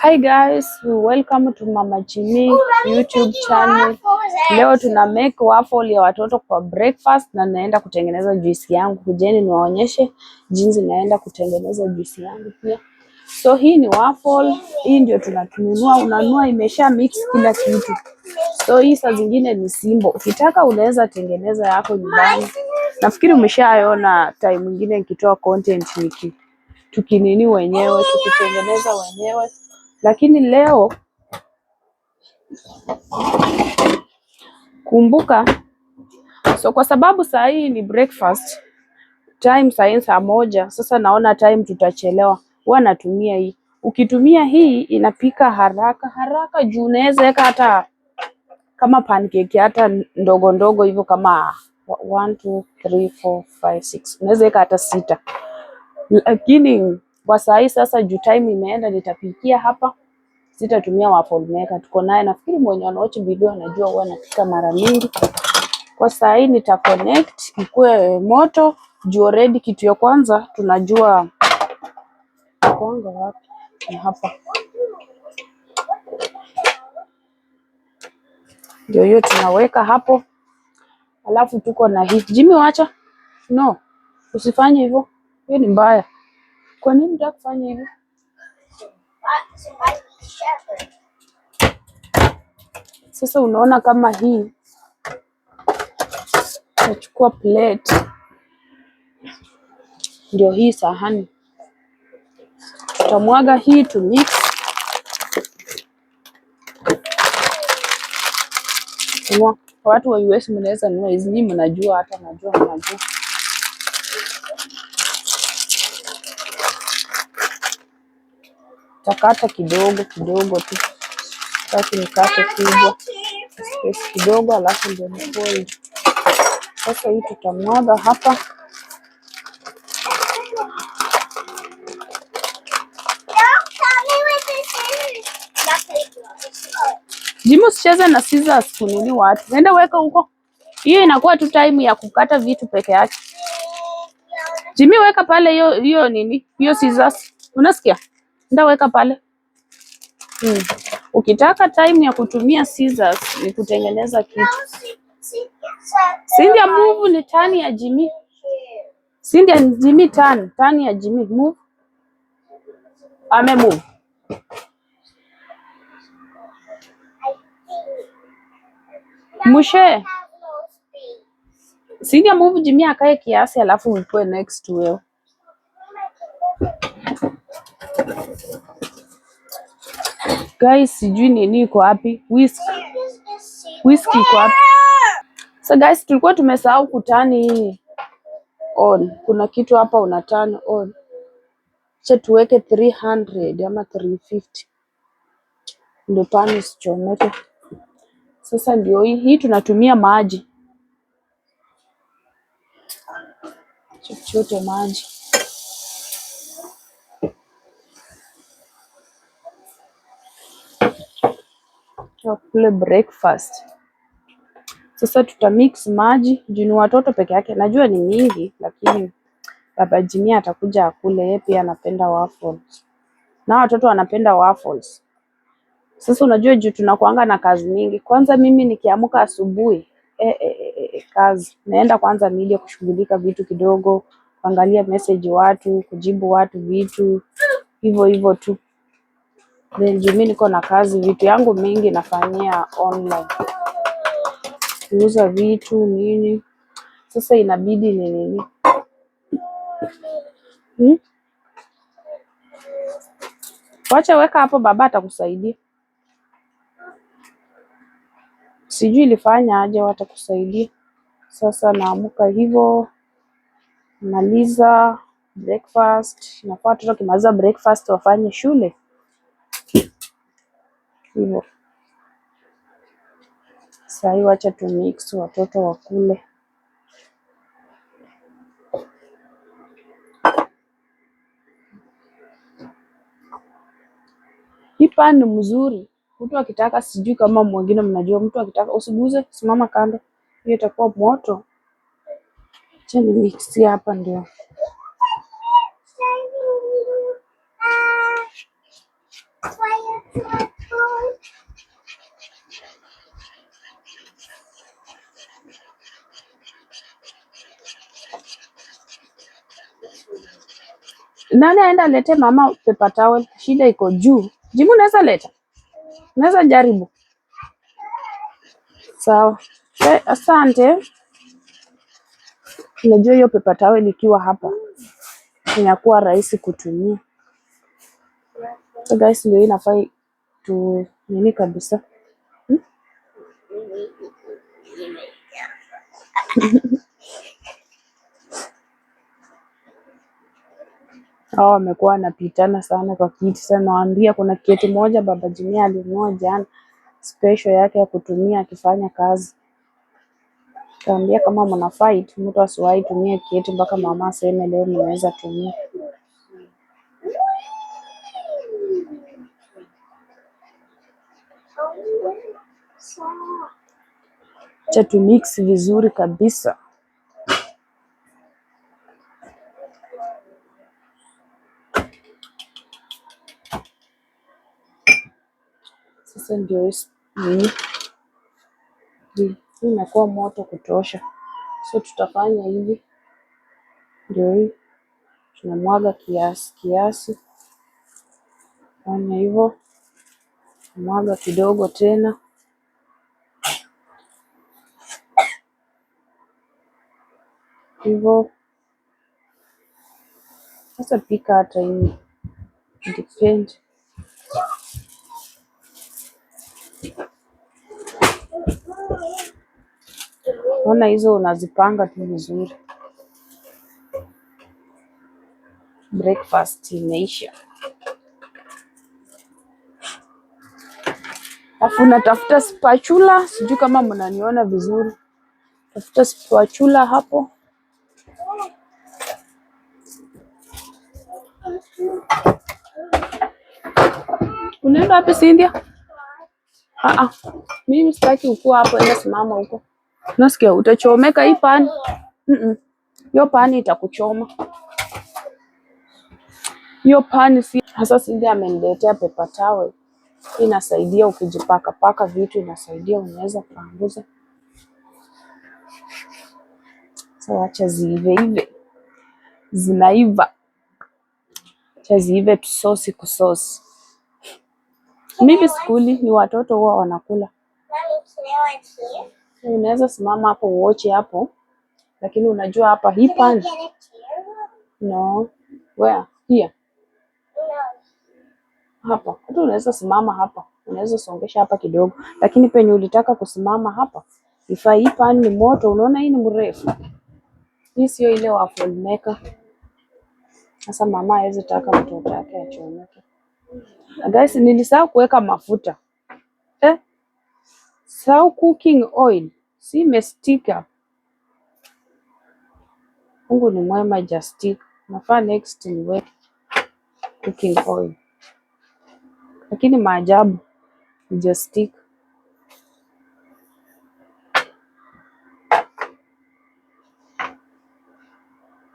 Hi guys, welcome to Mama Jimmy oh, YouTube channel. Leo tuna make waffle ya watoto kwa breakfast na naenda kutengeneza juisi yangu. Kujeni niwaonyeshe jinsi naenda kutengeneza juisi yangu pia. So hii ni waffle, hii ndio tunatununua, unanua imesha mix kila kitu. So hii saa zingine ni simbo, ukitaka unaweza tengeneza yako nyumbani. Nafikiri umeshaona time nyingine nikitoa content niki tukinini wenyewe oh, tukitengeneza wenyewe, lakini leo kumbuka, so kwa sababu saa hii ni breakfast time, saa hii saa moja sasa, naona time tutachelewa, huwa natumia hii. Ukitumia hii inapika haraka haraka juu unaweza weka hata kama pancake hata ndogo ndogo hivyo, kama 1 2 3 4 5 6 unaweza weka hata sita lakini kwa saa hii sasa juu time imeenda, nitapikia hapa, sitatumia waffle maker. Tuko naye nafikiri, mwenye anaochi video anajua huwa anapika mara mingi. Kwa saa hii nita connect ikue moto juu already kitu ya kwanza tunajua kwanza wapi hapa ndio hiyo tunaweka hapo, alafu tuko na hii Jimmy, wacha no, usifanye hivyo. Hii ni mbaya. Kwa nini nataka kufanya hivi? Sasa unaona kama hii nachukua plate ndio hii sahani, tutamwaga hii tu mix, watu wa US mnaweza nua hizi, mnajua hata najua, mnajua Utakata kidogo kidogo tu, sitaki nikate kubwa, space kidogo, alafu ndio nifold. Sasa hii tutamwaga hapa Jimu, usicheze na scissors kunini watu, nenda weka huko. Hiyo inakuwa tu time ya kukata vitu peke yake. jimi weka pale hiyo hiyo nini, hiyo scissors, unasikia? ndaweka pale hmm. Ukitaka time ya kutumia scissors ni kutengeneza kitu. sindia move ni tani ya Jimmy. Cynthia Jimmy tani, tani ya Jimmy move. Ame move. Mushe. Cynthia move Jimmy akae kiasi alafu ukue next to you. Guys, sijui nini iko wapi? Whisk. Whisk iko wapi? So guys, tulikuwa tumesahau kutani on. Kuna kitu hapa una on. Cha tuweke 300 ama 350. Ndio pani isichomeke. Sasa ndio hii hii tunatumia maji. Chochote maji. watoto kule breakfast. Sasa mix maji juu ni watoto peke yake, najua ni mingi, lakini baba Jimmy atakuja akule, yeye pia anapenda waffles na watoto wanapenda waffles. Sasa unajua juu tunakuanga na kazi mingi. Kwanza mimi nikiamka asubuhi e, e, e, kazi naenda kwanza media kushughulika vitu kidogo, kuangalia message watu, kujibu watu vitu hivyo hivyo tu juu mi niko na kazi, vitu yangu mingi nafanyia online, kuuza vitu nini. Sasa inabidi ni nini hmm? Wacha weka hapo, baba atakusaidia. Sijui ilifanya aje, watakusaidia. Sasa naamuka hivyo, maliza breakfast, nafaa watoto kimaliza breakfast wafanye shule hivo. Sahii wacha mix watoto wakule. Hii pan ni mzuri, mtu akitaka, sijui kama mwingine mnajua, mtu akitaka usiguze, simama kando, hiyo itakuwa moto. Acha mix hapa ndio Nani aenda alete mama paper towel? Shida iko juu. Jimu naweza leta, naweza jaribu. Sawa, eh, asante. Unajua hiyo paper towel ikiwa hapa inakuwa rahisi kutumia. So guys, ndio inafai tu nini kabisa hmm? Hawa wamekuwa wanapitana sana kwa kiti Sasa Nawaambia kuna kiti moja Baba Jimmy alinunua jana special yake ya kutumia akifanya kazi. Kaambia kama mna fight mtu asiwahi tumie kiti mpaka mama aseme leo nimeweza tumia. Acha mix vizuri kabisa. sasa ndio inakuwa moto kutosha, so tutafanya hivi, ndio hii tunamwaga kiasi kiasi, fanya hivyo, mwaga kidogo tena hivyo. Sasa pika hata hivi, depend Naona hizo unazipanga tu vizuri. Breakfast imeisha, alafu natafuta spatula, sijui kama mnaniona vizuri. Tafuta spatula hapo Unaenda wapi Cynthia? Ah ah. Mimi sitaki ukua hapo, enda simama huko. Nasikia utachomeka hii pani mm hiyo Yo Pani itakuchoma hiyo pani si hasa. Sidi ameniletea pepa tawe, inasaidia paka vitu, inasaidia unaweza kuanguza. So acha ive. zinaiva, acha ziive tusosi kusosi. Mimi sikuli, ni watoto huwa wanakula. Mommy, yaani Unaweza simama hapo uoche hapo, lakini unajua hapa hii pande no. Where? Here. Hapa hata unaweza simama hapa, unaweza songesha hapa kidogo, lakini penye ulitaka kusimama hapa Ifa Hii pani ni moto, unaona hii ni mrefu, hii sio ile wa filmmaker. Sasa mama hawezi taka mtoto wake achomeke. Guys, nilisahau kuweka mafuta sau cooking oil simestika. Mungu ni mwema jastik nafaa next niweke cooking oil, lakini maajabu Justic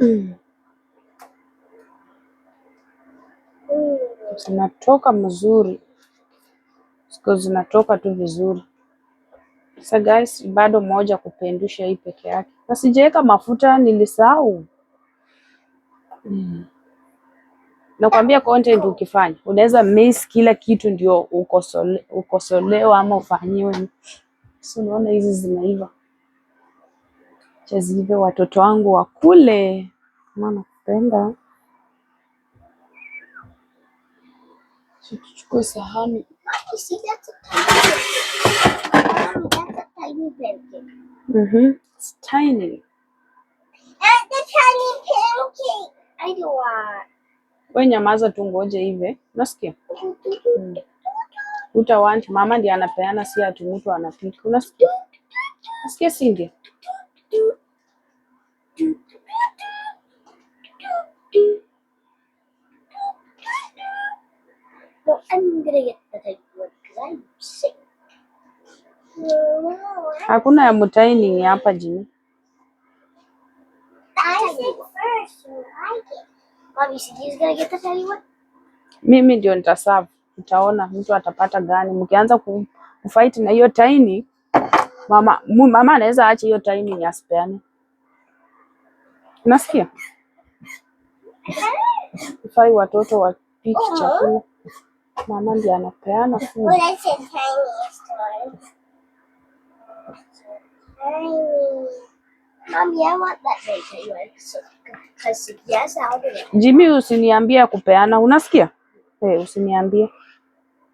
mm. zinatoka mzuri, siku zinatoka tu vizuri. Sasa guys, bado moja kupendusha hii peke yake, na sijaweka mafuta, nilisahau. Mm. Nakwambia content ukifanya unaweza miss kila kitu, ndio ukosole, ukosolewa ama ufanyiwe. So unaona hizi zinaiva, chazive watoto wangu kule, maana nakupenda. Tuchukue sahani tiny Mm-hmm. It's tiny. And the tiny pancake. I do want. We nyamaza tu ngoje hivi. Unasikia? Mm. uta want mama ndiye anapeana, si ati mtu anapika. Unasikia? Unasikia si ndio? No, I'm gonna get the tight one because I'm sick. Hakuna ya mutaini hapa jini. Mimi ndio nitasavu, nitaona mtu atapata gani. Mkianza kufaiti na hiyo taini, mama mama anaweza acha hiyo taini asipeane. Unasikia? Ifai watoto wapiki chakula, mama ndio anapeana. Jimmy, usiniambie kupeana unasikia? Hey, eh, usiniambie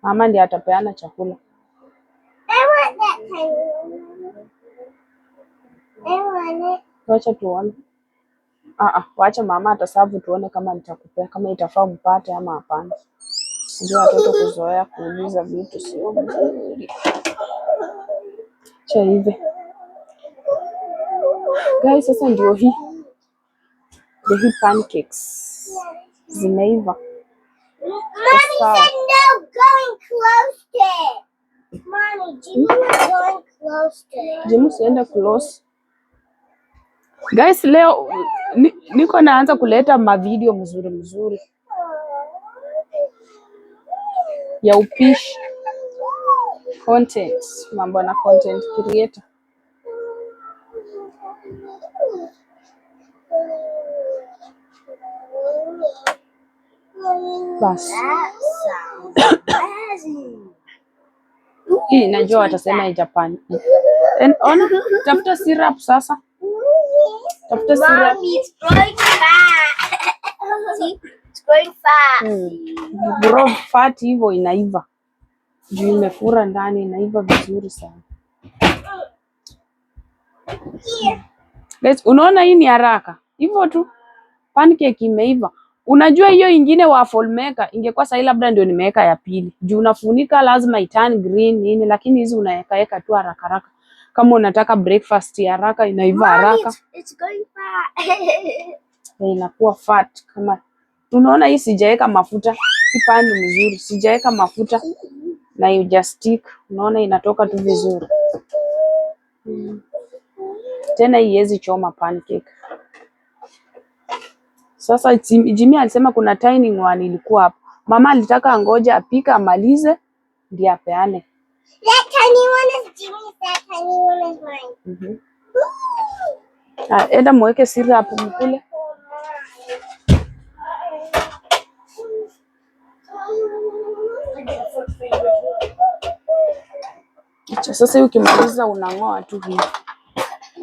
mama ndiye atapeana chakula. Wacha tuone. Ah, ah, wacha mama atasabu, tuone kama nitakupea, kama itafaa mpate ama hapana. Ndio watoto kuzoea kuuliza vitu sio mzuri. Cha hivi Guys, sasa ndio hii ndio hii pancakes zimeiva. Jimu hmm? sienda close. Guys, leo niko naanza kuleta mavideo mzuri mzuri ya upishi content, mambo na content creator inajua hii najua watasema Japani. Ona, tafuta syrup sasa, tafuta syrup. Bro, hmm. fat hivyo inaiva juu imefura ndani, inaiva vizuri sana. Let's, unaona hii ni haraka hivyo tu, pancake imeiva. Unajua hiyo ingine waffle maker ingekuwa sahi, labda ndio nimeweka ya pili juu unafunika lazima itan green nini, lakini hizi unaweka unawekaweka tu haraka haraka kama unataka breakfast ya haraka inaiva haraka eh, inakuwa fat kama unaona hii, sijaweka mafuta ipande mzuri, sijaweka mafuta na you just stick. Unaona inatoka tu vizuri mm tena iwezi choma pancake. Sasa Jimmy alisema kuna tiny one ilikuwa hapo. Mama alitaka angoje apika amalize ndio apeane. That tiny one is Jimmy's, that tiny one is mine. Mm-hmm. Ah, enda mweke siri hapo mkule. Acha sasa ukimaliza unang'oa tu hivi.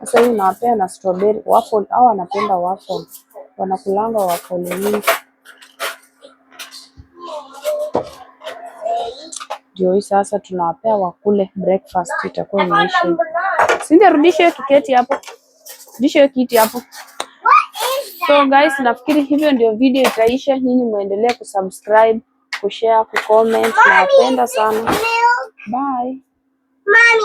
Sasa hii nawapea na strawberry waffle, au wanapenda waffle, wanakulanga waffle nyingi, ndio hii sasa tunawapea wakule breakfast. Itakuwa imeisha, sindirudisha hiyo kiti hapo, rudisha kiti hapo. So guys, nafikiri hivyo ndio video itaisha. Nyinyi muendelee kusubscribe, kushare, kucomment. Nawapenda sana. Bye. Mami.